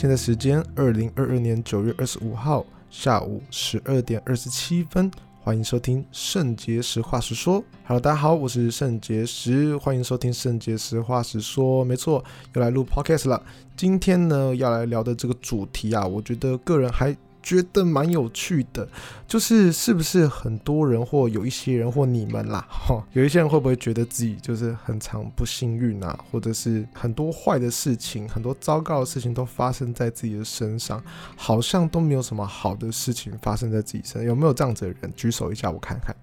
現在時間二零二二年九月二十五號下午十二點二十七分，歡迎收聽聖杰實話實說。Hello，大家好，我是聖杰石，歡迎收聽聖杰實話實說。沒錯，又來錄 podcast 了。今天呢，要來聊的這個主題啊，我覺得個人還。覺得蠻有趣的，就是是不是很多人或有一些人或你們啦，哈，有一些人會不會覺得自己就是很常不幸運啊，或者是很多壞的事情、很多糟糕的事情都發生在自己的身上，好像都沒有什麼好的事情發生在自己身上，有沒有這樣子的人舉手一下，我看看。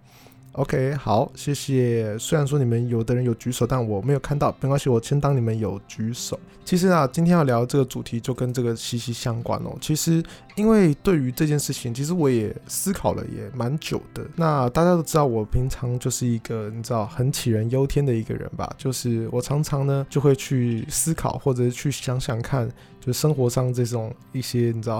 OK，好，謝謝。雖然說你們有的人有舉手，但我沒有看到，沒關係，我先當你們有舉手。其實啊，今天要聊這個主題就跟這個息息相關哦。其實，因為對於這件事情，其實我也思考了也蠻久的。那大家都知道我平常就是一個你知道很杞人憂天的一個人吧，就是我常常呢就會去思考或者是去想想看，就生活上這種一些你知道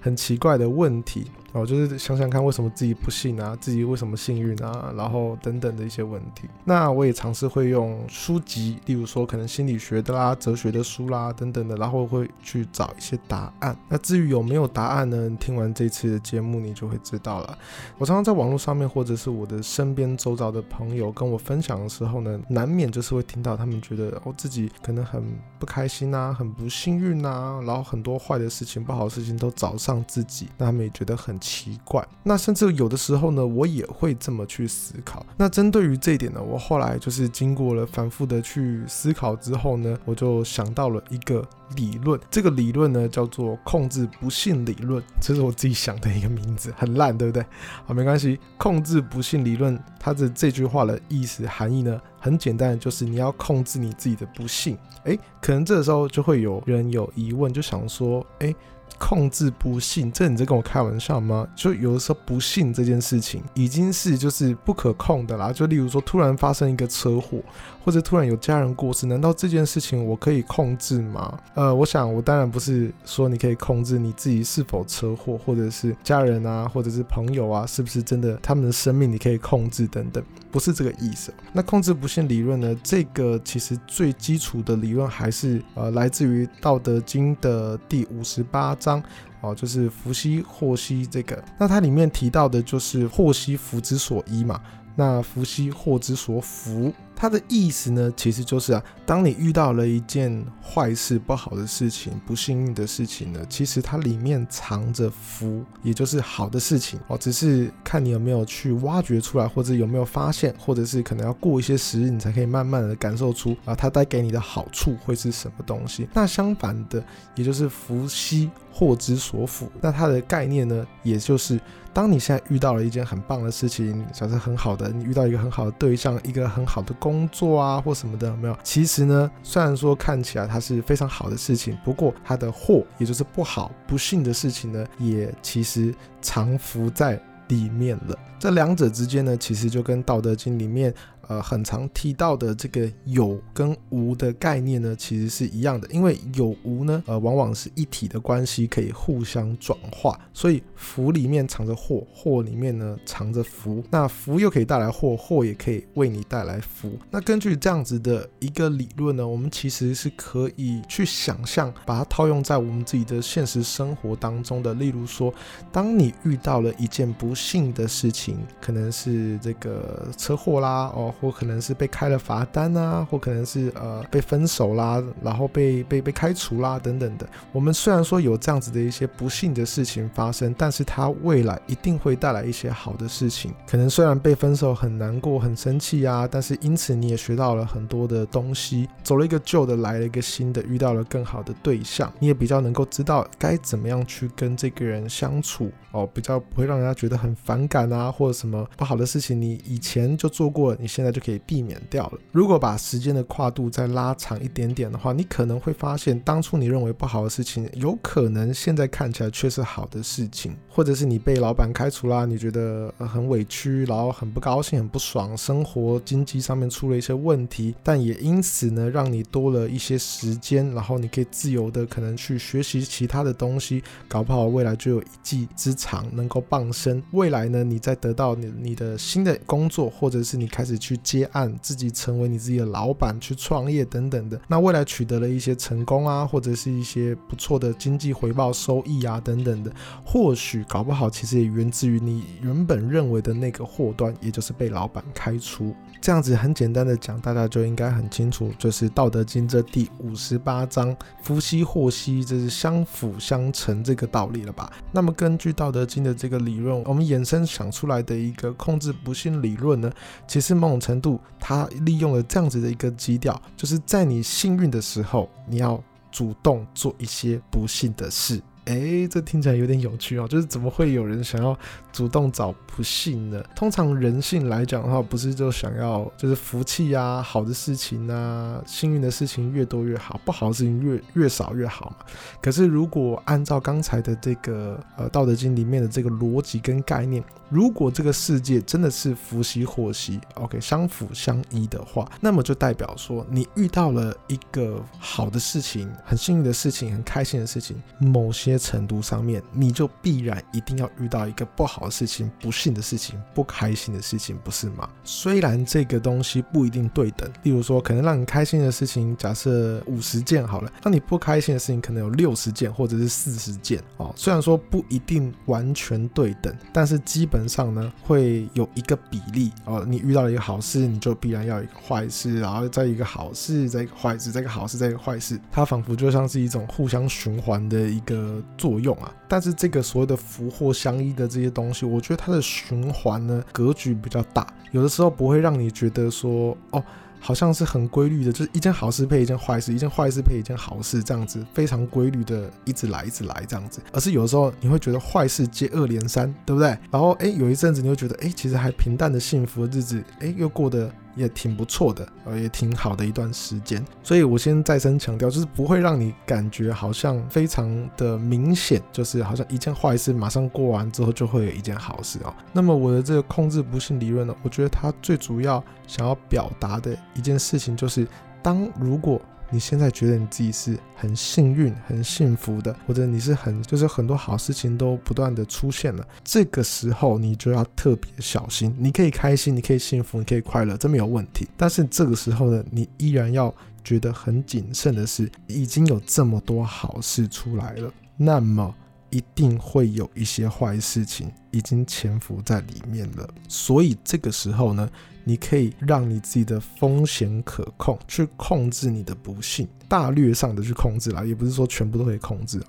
很奇怪的問題。我、哦、就是想想看，為什麼自己不幸啊，自己為什麼幸運啊，然後等等的一些問題。那我也嘗試會用書籍，例如說可能心理學的啦、哲學的書啦等等的，然後會去找一些答案。那至於有沒有答案呢？聽完這次的節目，你就會知道了。我常常在網絡上面，或者是我的身邊周遭的朋友跟我分享的時候呢，難免就是會聽到他們覺得，哦，自己可能很不開心啊，很不幸運啊，然後很多壞的事情、不好的事情都找上自己，那他們也覺得很。奇怪，那甚至有的時候呢，我也會這麼去思考。那針對於這一點呢，我後來就是經過了反覆的去思考之後呢，我就想到了一個理論。這個理論呢，叫做“控制不幸理論”，這是我自己想的一個名字，很爛，對不對？好，沒關係，“控制不幸理論”，它的這句話的意思含義呢，很簡單，就是你要控制你自己的不幸。誒、欸，可能這個時候就會有人有疑問，就想說，誒、欸……控制不幸，這你在跟我開玩笑嗎？就有的時候，不幸這件事情已經是就是不可控的啦。就例如說，突然發生一個車禍。或者突然有家人過世，難道這件事情我可以控制嗎？呃，我想，我當然不是說你可以控制你自己是否車禍，或者是家人啊，或者是朋友啊，是不是真的他們的生命你可以控制等等，不是這個意思。那控制不幸理論呢？這個其實最基礎的理論還是呃，來自於《道德經》的第五十八章，哦、呃，就是福“福兮禍兮”這個。那它裡面提到的就是“禍兮福之所倚”嘛，那福兮禍之所伏。它的意思呢，其實就是啊，當你遇到了一件壞事、不好的事情、不幸運的事情呢，其實它裡面藏着福，也就是好的事情哦，只是看你有沒有去挖掘出來，或者是有沒有發現，或者是可能要過一些時日，你才可以慢慢的感受出啊，它帶給你的好處會是什麼東西。那相反的，也就是福兮。禍之所伏，那它的概念呢，也就是當你現在遇到了一件很棒的事情，覺得很好的，你遇到一個很好的對象，一個很好的工作啊，或什麼的，沒有？其實呢，雖然說看起來它是非常好的事情，不過它的禍，也就是不好、不幸的事情呢，也其實藏伏在裡面了。這兩者之間呢，其實就跟《道德經》裡面。呃，很常提到的這個有跟無的概念呢，其實是一樣的。因為有無呢，呃，往往是一體的關係，可以互相轉化。所以福裡面藏着禍，禍裡面呢藏着福。那福又可以帶來禍，禍也可以為你帶來福。那根據這樣子的一個理論呢，我們其實是可以去想象，把它套用在我們自己的現實生活當中的。例如說，當你遇到了一件不幸的事情，可能是這個車禍啦，哦。或可能是被開了罰單啊，或可能是呃被分手啦，然後被被被開除啦等等的。我們雖然說有這樣子的一些不幸的事情發生，但是他未來一定會帶來一些好的事情。可能雖然被分手很難過、很生氣啊，但是因此你也學到了很多的東西，走了一個舊的，來了一個新的，遇到了更好的對象，你也比較能夠知道該怎麼樣去跟這個人相處哦，比較不會讓人家覺得很反感啊，或者什麼不好的事情你以前就做過，你現在那就可以避免掉了。如果把時間的跨度再拉長一點點的話，你可能會發現，當初你認為不好的事情，有可能現在看起來卻是好的事情。或者是你被老闆開除了啊，你覺得很委屈，然後很不高興、很不爽，生活經濟上面出了一些問題，但也因此呢，讓你多了一些時間，然後你可以自由的可能去學習其他的東西，搞不好未來就有一技之長，能夠傍身。未來呢，你再得到你你的新的工作，或者是你開始去。接案，自己成為你自己的老闆，去創業等等的。那未來取得了一些成功啊，或者是一些不錯的經濟回報、收益啊等等的，或許搞不好其實也源自於你原本認為的那個禍端，也就是被老闆開除。這樣子很簡單的講，大家就應該很清楚，就是《道德經》這第五十八章“福兮禍兮”，這，就是相輔相成這個道理了吧？那麼根據《道德經》的這個理論，我們衍生想出來的一個控制不幸理論呢，其實夢程度，他利用了這樣子的一個基調，就是在你幸運的時候，你要主動做一些不幸的事。誒，這聽起來有點有趣哦，就是怎麼會有人想要主動找不幸呢？通常人性來講的話，不是就想要就是福氣啊、好的事情啊、幸運的事情越多越好，不好的事情越越少越好嘛。可是如果按照剛才的這個呃《道德經》裡面的這個邏輯跟概念，如果這個世界真的是福兮禍兮，OK 相輔相依的話，那麼就代表說你遇到了一個好的事情、很幸運的事情、很開心的事情，某些。程度上面，你就必然一定要遇到一個不好的事情、不幸的事情、不開心的事情，不是嗎？雖然這個東西不一定對等，例如說，可能讓你開心的事情，假設五十件好了，讓你不開心的事情可能有六十件或者是四十件哦。雖然說不一定完全對等，但是基本上呢，會有一個比例哦。你遇到了一個好事，你就必然要一個壞事，然後再一個好事，再一個壞事，再一個好事，再一個壞事，它仿佛就像是一種互相循環的一個。作用啊，但是這個所謂的福禍相依的這些東西，我覺得它的循環呢，格局比較大，有的時候不會讓你覺得說，哦，好像是很規律的，就是一件好事配一件壞事，一件壞事配一件好事，這樣子非常規律的一直來一直來這樣子，而是有的時候你會覺得壞事接二連三，對不對？然後欸，有一陣子你會覺得欸，其實還平淡的幸福的日子，欸，又過得。也挺不錯的，呃，也挺好的一段時間。所以，我先再三強調，就是不會讓你感覺好像非常的明顯，就是好像一件壞事馬上過完之後就會有一件好事啊、哦。那麼，我的這個控制不幸理論呢，我覺得它最主要想要表達的一件事情就是，當如果。你現在覺得你自己是很幸運、很幸福的，或者你是很就是很多好事情都不斷的出現了，這個時候你就要特別小心。你可以開心，你可以幸福，你可以快樂，這沒有問題。但是這個時候呢，你依然要覺得很謹慎的是，已經有這麼多好事出來了，那麼一定會有一些壞事情已經潛伏在裡面了。所以這個時候呢，你可以讓你自己的風險可控，去控制你的不幸，大略上的去控制啦，也不是說全部都可以控制啊。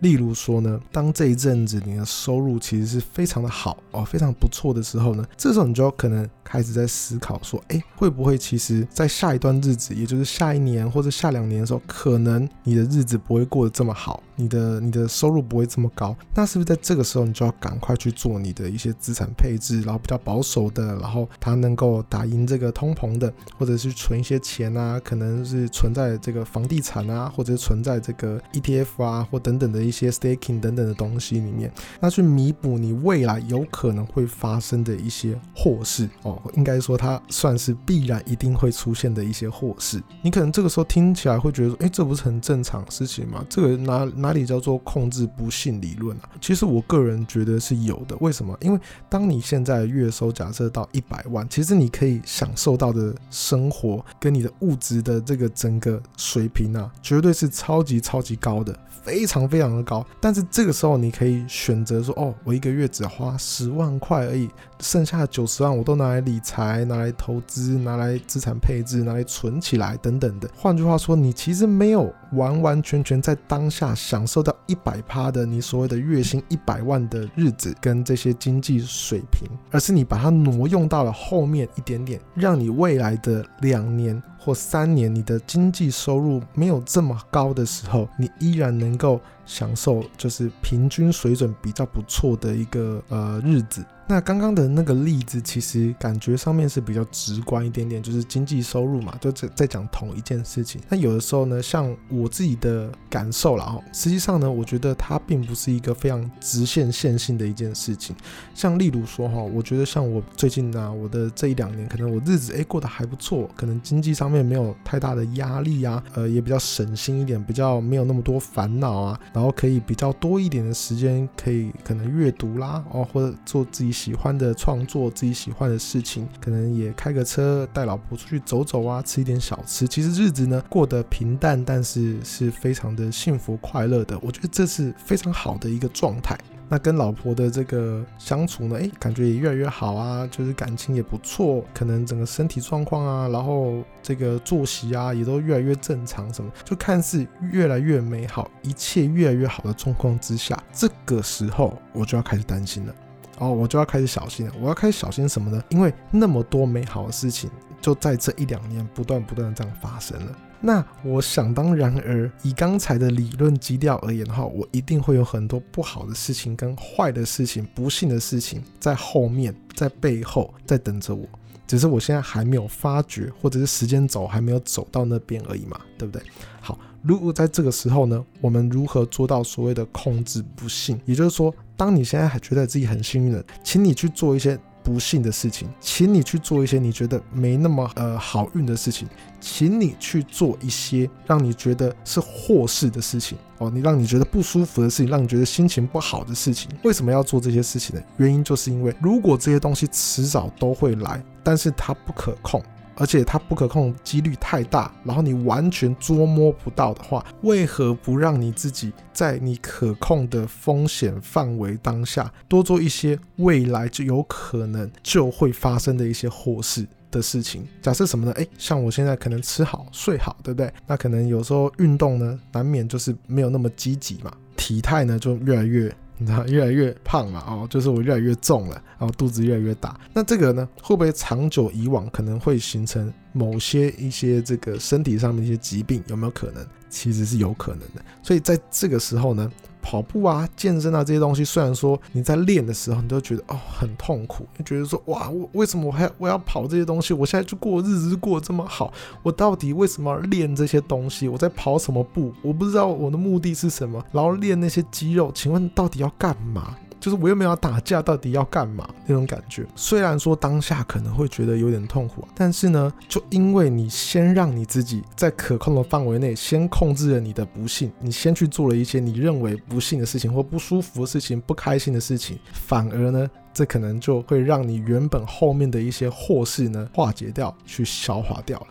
例如說呢，當這一陣子你的收入其實是非常的好哦，非常不錯的時候呢，這時候你就要可能開始在思考說，欸，會不會其實，在下一段日子，也就是下一年或者下兩年的時候，可能你的日子不會過得這麼好，你的你的收入不會這麼高，那是不是在這個時候，你就要趕快去做你的一些資產配置，然後比較保守的，然後他能夠。打贏這個通膨的，或者是存一些錢啊，可能是存在這個房地產啊，或者存在這個 ETF 啊，或等等的一些 staking 等等的東西裡面，那去彌補你未來有可能會發生的一些禍事哦。應該說，它算是必然一定會出現的一些禍事。你可能這個時候聽起來會覺得說，哎，這不是很正常的事情嗎？這個哪哪裡叫做控制不幸理論啊？其實我個人覺得是有的。為什麼？因為當你現在月收假設到一百萬，其實你你可以享受到的生活跟你的物質的這個整個水平啊，絕對是超級超級高的，非常非常的高。但是這個時候，你可以選擇說：“哦，我一個月只花十萬塊而已，剩下的九十萬我都拿來理財、拿來投資、拿來資產配置、拿來存起來等等的。”換句話說，你其實沒有完完全全在當下享受到一百趴的你所謂的月薪一百萬的日子跟這些經濟水平，而是你把它挪用到了後面。一點點，讓你未來的兩年或三年，你的經濟收入沒有這麼高的時候，你依然能夠。享受，就是平均水準比較不錯的一個呃日子。那剛剛的那個例子，其實感覺上面是比較直觀一點點，就是經濟收入嘛，就在在講同一件事情。那有的時候呢，像我自己的感受了哈，實際上呢，我覺得它並不是一個非常直線線性的一件事情。像例如說哈，我覺得像我最近呢、啊，我的這一兩年，可能我日子、欸、過得還不錯，可能經濟上面沒有太大的壓力啊，呃也比較省心一點，比較沒有那麼多煩惱啊。然後可以比較多一點的時間，可以可能閱讀啦，哦，或者做自己喜歡的創作，自己喜歡的事情，可能也開個車帶老婆出去走走啊，吃一點小吃。其實日子呢，過得平淡，但是是非常的幸福快樂的。我覺得這是非常好的一個狀態。那跟老婆的這個相處呢，哎、欸，感覺也越來越好啊，就是感情也不錯，可能整個身體狀況啊，然後這個作息啊，也都越來越正常什麼，就看似越來越美好，一切越來越好的狀況之下，這個時候我就要開始擔心了，哦，我就要開始小心了，我要開始小心什麼呢？因為那麼多美好的事情就在這一兩年不斷不斷的這樣發生了。那我想當然而，而以剛才的理論基調而言的話，我一定會有很多不好的事情、跟壞的事情、不幸的事情在後面、在背後在等着我，只是我現在還沒有發覺，或者是時間走還沒有走到那邊而已嘛，對不對？好，如果在這個時候呢，我們如何做到所謂的控制不幸？也就是說，當你現在還覺得自己很幸運的，請你去做一些。不幸的事情，請你去做一些你覺得沒那麼呃好運的事情，請你去做一些讓你覺得是禍事的事情哦，你讓你覺得不舒服的事情，讓你覺得心情不好的事情。為什麼要做這些事情呢？原因就是因為如果這些東西遲早都會來，但是它不可控。而且它不可控幾率太大，然後你完全捉摸不到的話，為何不讓你自己在你可控的風險範圍當下，多做一些未來就有可能就會發生的一些禍事的事情？假設什麼呢？誒，像我現在可能吃好睡好，對不對？那可能有時候運動呢，難免就是沒有那麼積極嘛，體態呢就越來越。你知道，越來越胖了哦，就是我越來越重了，然後肚子越來越大。那這個呢，會不會長久以往，可能會形成某些一些這個身體上的一些疾病？有沒有可能？其實是有可能的。所以在這個時候呢。跑步啊，健身啊，這些東西，雖然說你在練的時候，你都覺得哦很痛苦，你覺得說哇，我為什麼我還我要跑這些東西？我現在就過日子過這麼好，我到底為什麼要練這些東西？我在跑什麼步？我不知道我的目的是什麼。然後練那些肌肉，請問你到底要幹嘛？就是我又沒有打架，到底要幹嘛那種感覺？雖然說當下可能會覺得有點痛苦，但是呢，就因為你先讓你自己在可控的範圍內，先控制了你的不幸，你先去做了一些你認為不幸的事情或不舒服的事情、不開心的事情，反而呢。這可能就會讓你原本後面的一些禍事呢，化解掉，去消化掉了。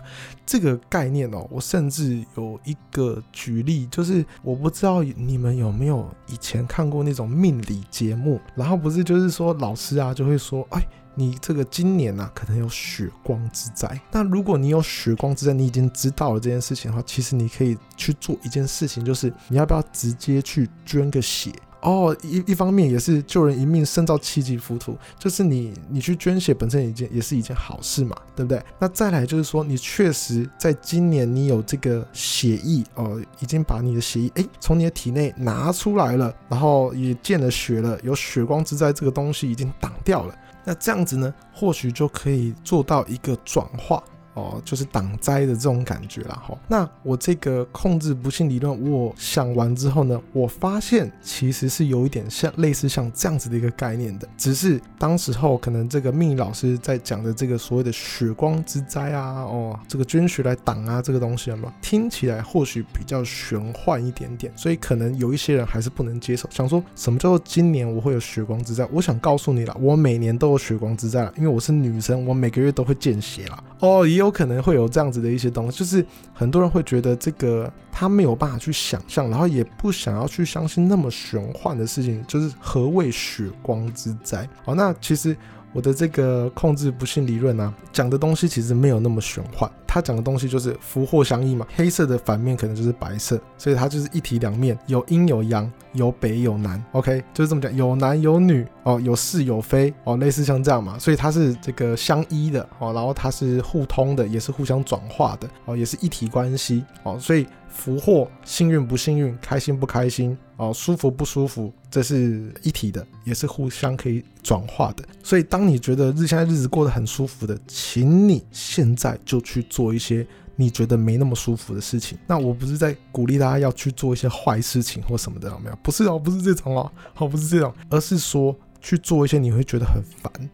這個概念哦，我甚至有一個舉例，就是我不知道你們有沒有以前看過那種命理節目，然後不是就是說老師啊就會說，哎，你這個今年啊可能有血光之災。那如果你有血光之災，你已經知道了這件事情的話，其實你可以去做一件事情，就是你要不要直接去捐個血？哦，一一方面也是救人一命勝造七級浮屠，就是你你去捐血本身已經也是一件好事嘛，對不對？那再來就是說，你確實在今年你有這個血液哦、呃，已經把你的血液哎從你的體內拿出來了，然後也見了血了，有血光之災這個東西已經擋掉了，那這樣子呢，或許就可以做到一個轉化。哦，就是擋災的這種感覺啦，那我這個控制不幸理論，我想完之後呢，我發現其實是有一點像類似像這樣子的一個概念的，只是當時候可能這個命理老師在講的這個所謂的血光之災啊，哦，這個捐血來擋啊這個東西有沒有，聽起來或許比較玄幻一點點，所以可能有一些人還是不能接受。想說什麼叫做今年我會有血光之災？我想告訴你了，我每年都有血光之災了，因為我是女生，我每個月都會見血了。哦。有可能會有這樣子的一些東西，就是很多人會覺得這個他沒有辦法去想象，然後也不想要去相信那麼玄幻的事情，就是何謂血光之災？哦，那其實。我的這個控制不幸理論啊，講的東西其實沒有那麼玄幻。它講的東西就是福禍相依嘛，黑色的反面可能就是白色，所以它就是一體兩面，有陰有陽，有北有南。OK，就是這麼講，有男有女哦，有是有非哦，類似像這樣嘛。所以它是這個相依的哦，然後它是互通的，也是互相轉化的哦，也是一體關係哦。所以福禍、幸運不幸運、開心不開心。哦，舒服不舒服，這是一體的，也是互相可以轉化的。所以，當你覺得日現在日子過得很舒服的，請你現在就去做一些你覺得沒那麼舒服的事情。那我不是在鼓勵大家要去做一些壞事情或什麼的，啊，有沒有？不是哦，啊，不是這種啊，好，不是這種，而是說去做一些你會覺得很煩。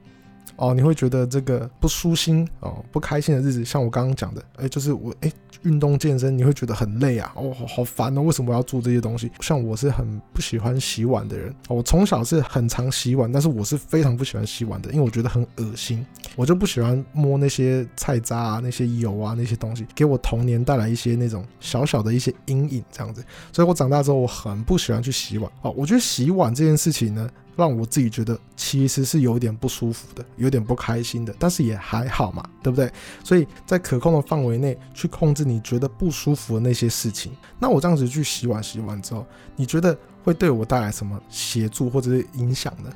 哦，你會覺得這個不舒心，哦，不開心的日子，像我剛剛講的，誒，就是我誒，運動健身，你會覺得很累啊，我，哦，好煩哦，為什麼我要做這些東西？像我是很不喜歡洗碗的人哦，我從小是很常洗碗，但是我是非常不喜歡洗碗的，因為我覺得很噁心，我就不喜歡摸那些菜渣啊，那些油啊，那些東西，給我童年帶來一些那種小小的一些陰影，這樣子，所以我長大之後我很不喜歡去洗碗。哦，我覺得洗碗這件事情呢，讓我自己覺得其實是有點不舒服的，有點不開心的，但是也還好嘛，對不對？所以在可控的範圍內去控制你覺得不舒服的那些事情。那我這樣子去洗碗，洗完之後，你覺得會對我帶來什麼協助或者是影響呢？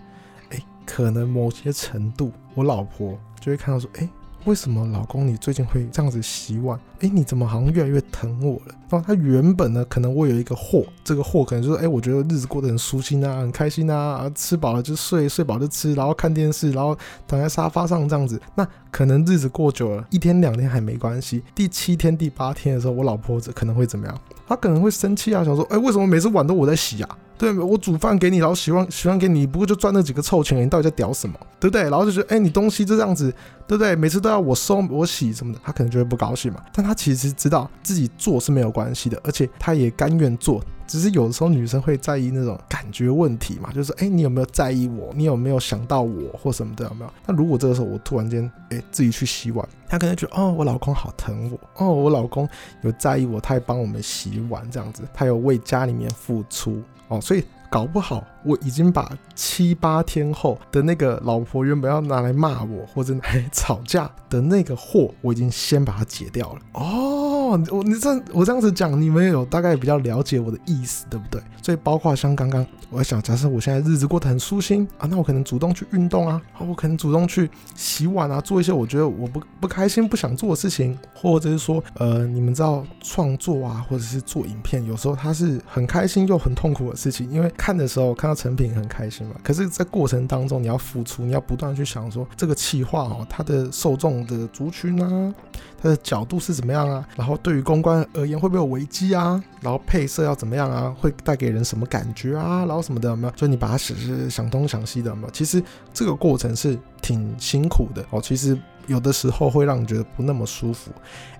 誒，可能某些程度，我老婆就會看到說，誒。為什麼老公，你最近會這樣子洗碗？哎，你怎麼好像越來越疼我了？那、啊、他原本呢，可能我有一個貨，這個貨可能就是，哎，我覺得日子過得很舒心啊，很開心啊，啊，吃飽了就睡，睡飽了就吃，然後看電視，然後躺在沙發上這樣子。那可能日子過久了，一天兩天還沒關係，第七天、第八天的時候，我老婆子可能會怎麼樣？她可能會生氣啊，想說，哎，為什麼每次碗都我在洗啊？對，我煮飯給你，然後洗碗洗碗給你，不過就賺那幾個臭錢，你到底在屌什麼？對不對？然後就覺得，哎、欸，你東西就這樣子，對不對？每次都要我收我洗什麼的，他可能就會不高興嘛。但他其實知道自己做是沒有關係的，而且他也甘願做。只是有的時候女生會在意那種感覺問題嘛，就是，哎、欸，你有沒有在意我？你有沒有想到我或什麼的？有沒有？那如果這個時候我突然間，哎、欸，自己去洗碗，他可能覺得，哦，我老公好疼我，哦，我老公有在意我，他還幫我們洗碗這樣子，他有為家裡面付出。哦，所以搞不好。我已經把七八天後的那個老婆原本要拿來罵我或者拿來吵架的那個貨，我已經先把它解掉了。哦，你我你這我這樣子講，你們有大概比較了解我的意思，對不對？所以包括像剛剛，我在想，假設我現在日子過得很舒心啊，那我可能主動去運動啊，我可能主動去洗碗啊，做一些我覺得我不不開心、不想做的事情，或者是說，呃，你們知道創作啊，或者是做影片，有時候它是很開心又很痛苦的事情，因為看的時候看到。成品很開心嘛？可是，在過程當中，你要付出，你要不斷去想說，這個企劃哦，它的受眾的族群啊，它的角度是怎麼樣啊？然後，對於公關而言，會不會有危機啊？然後配色要怎麼樣啊？會帶給人什麼感覺啊？然後什麼的，有沒有？就你把它是想東想西的嘛。其實這個過程是挺辛苦的哦、喔。其實有的時候會讓你覺得不那麼舒服。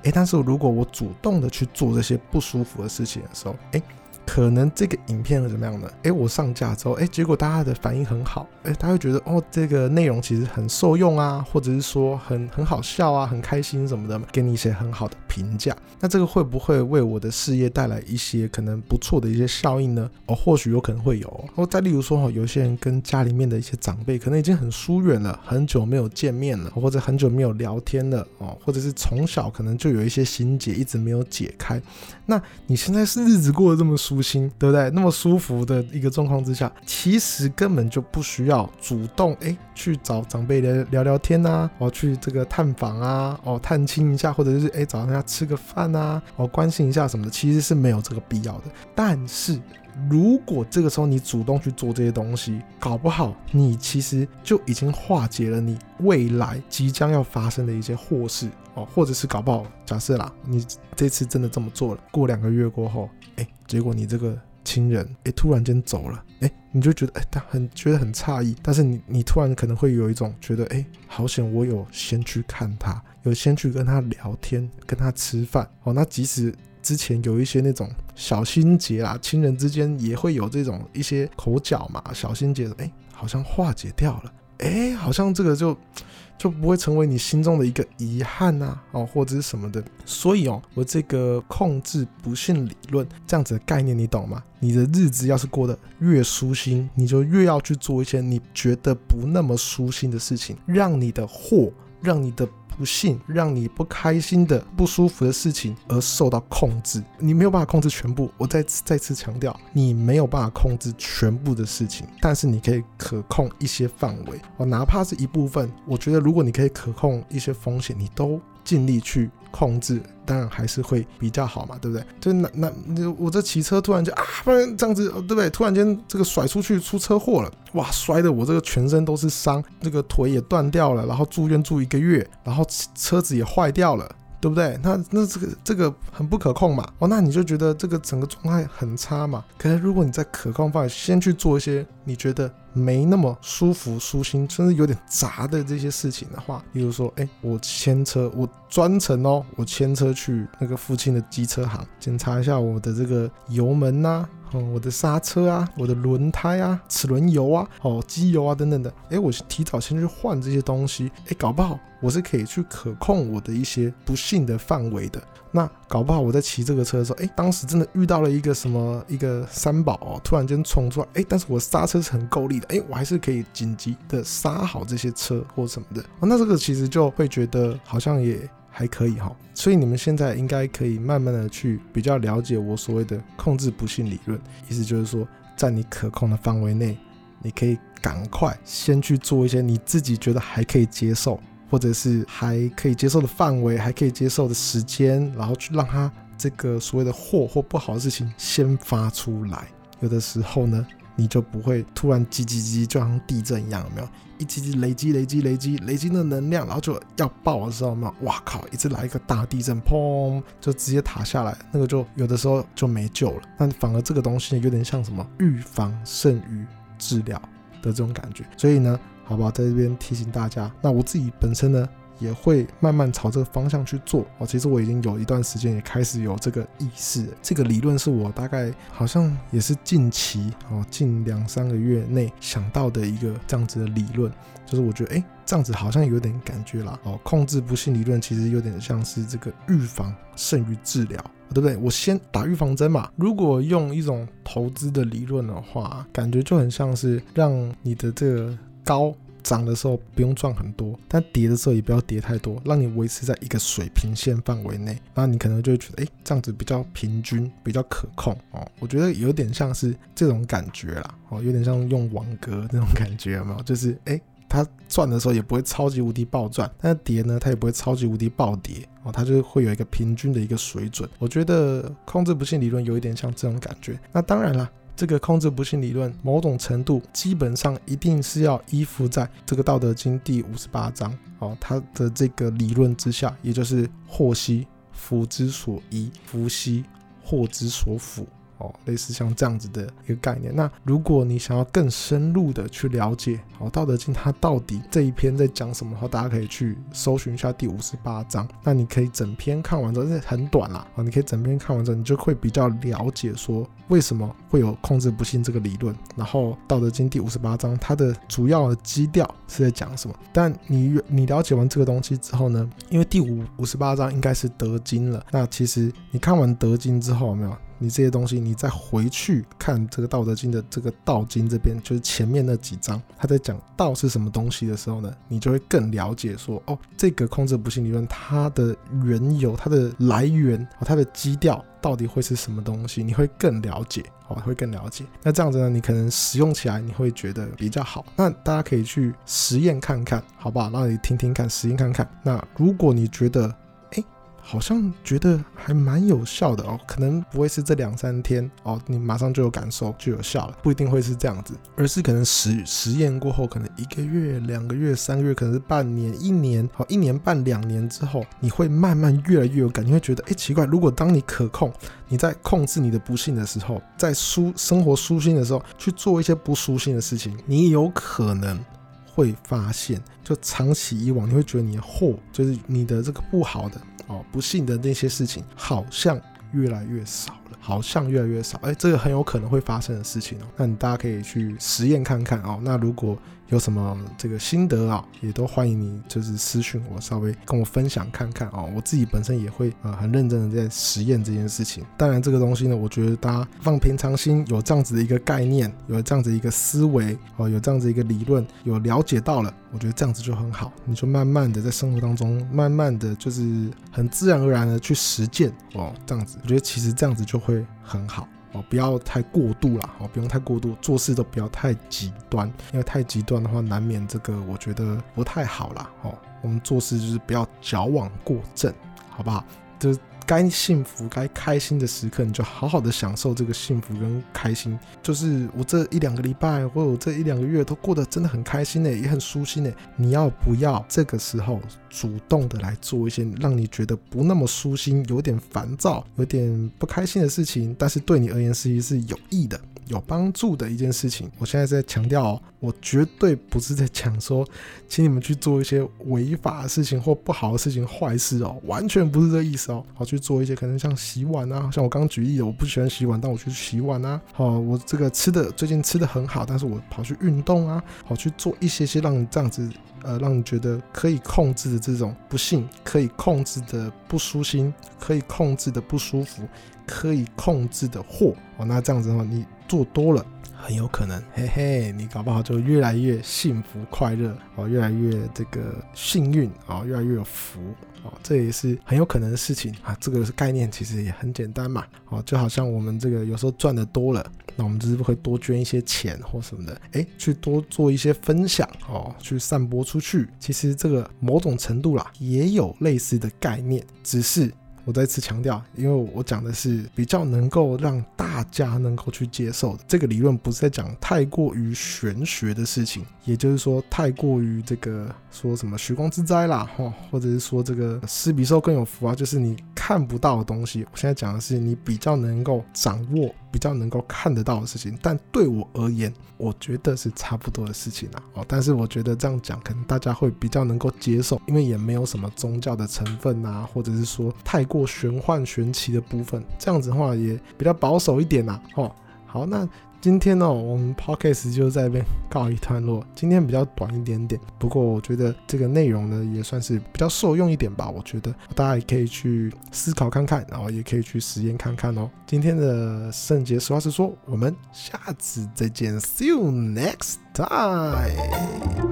哎，但是如果我主動的去做這些不舒服的事情的時候，哎。可能這個影片會怎麼樣呢？哎，我上架之後，哎，結果大家的反應很好，哎，大家會覺得哦，這個內容其實很受用啊，或者是說很很好笑啊，很開心什麼的，給你一些很好的評價。那這個會不會為我的事業帶來一些可能不錯的一些效應呢？哦，或許有可能會有。哦，再例如說哈、哦，有些人跟家裡面的一些長輩可能已經很疏遠了，很久沒有見面了，或者很久沒有聊天了，哦，或者是從小可能就有一些心結一直沒有解開。那你現在是日子過得這麼舒。心，對不對？那麼舒服的一個狀況之下，其實根本就不需要主動誒去找長輩聊聊天吶，哦，去這個探訪啊，哦，探親一下，或者是誒找人家吃個飯啊，哦，關心一下什麼的，其實是沒有這個必要的。但是，如果這個時候你主動去做這些東西，搞不好你其實就已經化解了你未來即將要發生的一些禍事哦，或者是搞不好，假設啦，你這次真的這麼做了，過兩個月過後，哎。結果你這個親人哎，突然間走了哎，你就覺得哎，他很覺得很詫異。但是你你突然可能會有一種覺得哎，好險，我有先去看他，有先去跟他聊天，跟他吃飯。哦，那即使之前有一些那種小心結啊，親人之間也會有這種一些口角嘛，小心結哎，好像化解掉了。哎，好像這個就就不會成為你心中的一個遺憾吶，啊，哦，或者是什麼的。所以哦，我這個控制不幸理論這樣子的概念，你懂嗎？你的日子要是過得越舒心，你就越要去做一些你覺得不那麼舒心的事情，讓你的禍，讓你的。不幸讓你不開心的、不舒服的事情而受到控制，你沒有辦法控制全部。我再次再次強調，你沒有辦法控制全部的事情，但是你可以可控一些範圍，哦，哪怕是一部分。我覺得，如果你可以可控一些風險，你都盡力去。控制當然還是會比較好嘛，對不對？就那那我這騎車突然就啊，不然這樣子，對不對？突然間這個甩出去出車禍了，哇，摔得我這個全身都是傷，這個腿也斷掉了，然後住院住一個月，然後車子也壞掉了，對不對？那那這個這個很不可控嘛，哦，那你就覺得這個整個狀態很差嘛？可是如果你在可控範圍，先去做一些你覺得。沒那麼舒服舒心，甚至有點雜的這些事情的話，比如說，哎，我牽車，我專程哦，我牽車去那個附近的機車行檢查一下我的這個油門吶。嗯，我的剎車啊，我的輪胎啊，齒輪油啊，哦，機油啊，等等的，誒、欸，我提早先去換這些東西，誒、欸，搞不好我是可以去可控我的一些不幸的範圍的。那搞不好我在騎這個車的時候，誒、欸，當時真的遇到了一個什麼一個三寶、哦，突然間衝出來，誒、欸，但是我剎車是很夠力的，誒、欸，我還是可以緊急的剎好這些車或什麼的、哦。那這個其實就會覺得好像也。還可以哈，所以你們現在應該可以慢慢的去比較了解我所謂的控制不幸理論，意思就是說，在你可控的範圍內，你可以趕快先去做一些你自己覺得還可以接受，或者是還可以接受的範圍，還可以接受的時間，然後去讓它這個所謂的禍或不好的事情先發出來。有的時候呢。你就不會突然嘰嘰嘰，就像地震一樣，有沒有？一嘰嘰累積、累積、累積、累積的能量，然後就要爆的時候嘛，哇靠！一直來一個大地震，砰，就直接塌下來，那個就有的時候就沒救了。但反而這個東西有點像什麼預防勝於治療的這種感覺。所以呢，好吧，在這邊提醒大家，那我自己本身呢。也會慢慢朝這個方向去做哦。其實我已經有一段時間也開始有這個意識。這個理論是我大概好像也是近期哦，近兩三個月內想到的一個這樣子的理論，就是我覺得哎，這樣子好像有點感覺啦。哦。控制不幸理論其實有點像是這個預防勝於治療，對不對？我先打預防針嘛。如果用一種投資的理論的話，感覺就很像是讓你的這個高。漲的時候不用賺很多，但跌的時候也不要跌太多，讓你維持在一個水平線範圍內。那你可能就會覺得，哎、欸，這樣子比較平均，比較可控哦。我覺得有點像是這種感覺啦，哦，有點像用網格那種感覺，有沒有？就是，哎、欸，它賺的時候也不會超級無敵暴賺，但是跌呢，它也不會超級無敵暴跌哦，它就會有一個平均的一個水準。我覺得控制不幸理論有一點像這種感覺。那當然啦。這個控制不幸理論，某種程度基本上一定是要依附在這個《道德經》第五十八章，哦，它的這個理論之下，也就是禍兮福之所倚，福兮禍之所伏。哦，類似像這樣子的一個概念。那如果你想要更深入的去了解，好、哦，《道德經》它到底這一篇在講什麼的話，大家可以去搜尋一下第五十八章。那你可以整篇看完之後，這很短啦，啊、哦，你可以整篇看完之後，你就會比較了解說為什麼會有控制不幸這個理論。然後，《道德經》第五十八章它的主要的基調是在講什麼？但你你了解完這個東西之後呢？因為第五五十八章應該是德經了。那其實你看完德經之後有沒有？你這些東西，你再回去看這個《道德經》的這個道經這邊，就是前面那幾章，他在講道是什麼東西的時候呢，你就會更了解說，哦，這個控制不幸理論它的緣由、它的來源、哦、它的基調到底會是什麼東西，你會更了解、哦，會更了解。那這樣子呢，你可能使用起來你會覺得比較好。那大家可以去實驗看看，好不好？讓你聽聽看，實驗看看。那如果你覺得，好像覺得還蠻有效的哦，可能不會是這兩三天哦，你馬上就有感受就有效了，不一定會是這樣子，而是可能實實驗過後，可能一個月、兩個月、三個月，可能是半年、一年，好、哦，一年半、兩年之後，你會慢慢越來越有感，你會覺得哎，奇怪，如果當你可控，你在控制你的不幸的時候，在舒生活，舒心的時候去做一些不舒心的事情，你有可能會發現，就長期以往，你會覺得你的禍就是你的這個不好的。哦，不幸的那些事情好像越來越少了，好像越來越少。欸，這個很有可能會發生的事情哦，那你大家可以去實驗看看哦。那如果……有什麼這個心得啊，也都歡迎你，就是私訊我，稍微跟我分享看看啊、哦。我自己本身也會啊、呃，很認真的在實驗這件事情。當然，這個東西呢，我覺得大家放平常心，有這樣子的一個概念，有這樣子一個思維哦，有這樣子一個理論，有了解到了，我覺得這樣子就很好。你就慢慢的在生活當中，慢慢的就是很自然而然的去實踐哦，這樣子，我覺得其實這樣子就會很好。哦，不要太過度啦，哦，不用太過度，做事都不要太極端，因為太極端的話，難免這個我覺得不太好啦，哦。我們做事就是不要矯枉過正，好不好？就是。該幸福、該開心的時刻，你就好好的享受這個幸福跟開心。就是我這一兩個禮拜，或者我這一兩個月，都過得真的很開心呢，也很舒心呢。你要不要這個時候主動的來做一些讓你覺得不那麼舒心、有點煩躁、有點不開心的事情？但是對你而言，實際是有益的。有幫助的一件事情，我現在在強調哦，我絕對不是在講說，請你們去做一些違法的事情或不好的事情、壞事哦，完全不是這個意思哦。好，去做一些可能像洗碗啊，像我剛剛舉例的，我不喜歡洗碗，但我去洗碗啊。好，我這個吃的最近吃的很好，但是我跑去運動啊。好，去做一些些讓你這樣子，呃，讓你覺得可以控制的這種不幸，可以控制的不舒心，可以控制的不舒服，可以控制的禍。哦，那這樣子的話，你。做多了，很有可能，嘿嘿，你搞不好就越來越幸福快樂哦，越來越這個幸運哦，越來越有福哦，這也是很有可能的事情啊。這個概念其實也很簡單嘛，哦，就好像我們這個有時候賺的多了，那我們是不是會多捐一些錢或什麼的？誒，去多做一些分享哦，去散播出去。其實這個某種程度啦，也有類似的概念，只是。我再次強調，因為我講的是比較能夠讓大家能夠去接受的這個理論，不是在講太過於玄學的事情，也就是說太過於這個說什麼“血光之災”啦，或者是說這個“施比受更有福”啊，就是你看不到的東西。我現在講的是你比較能夠掌握。比較能夠看得到的事情，但對我而言，我覺得是差不多的事情啦、啊。哦，但是我覺得這樣講，可能大家會比較能夠接受，因為也沒有什麼宗教的成分吶、啊，或者是說太過玄幻玄奇的部分。這樣子的話，也比較保守一點啦、啊。哦，好，那。今天呢、哦，我們 podcast 就在這邊告一段落。今天比較短一點點，不過我覺得這個內容呢，也算是比較受用一點吧。我覺得大家也可以去思考看看，然後也可以去實驗看看哦。今天的聖杰實話實說，我們下次再見，See you next time。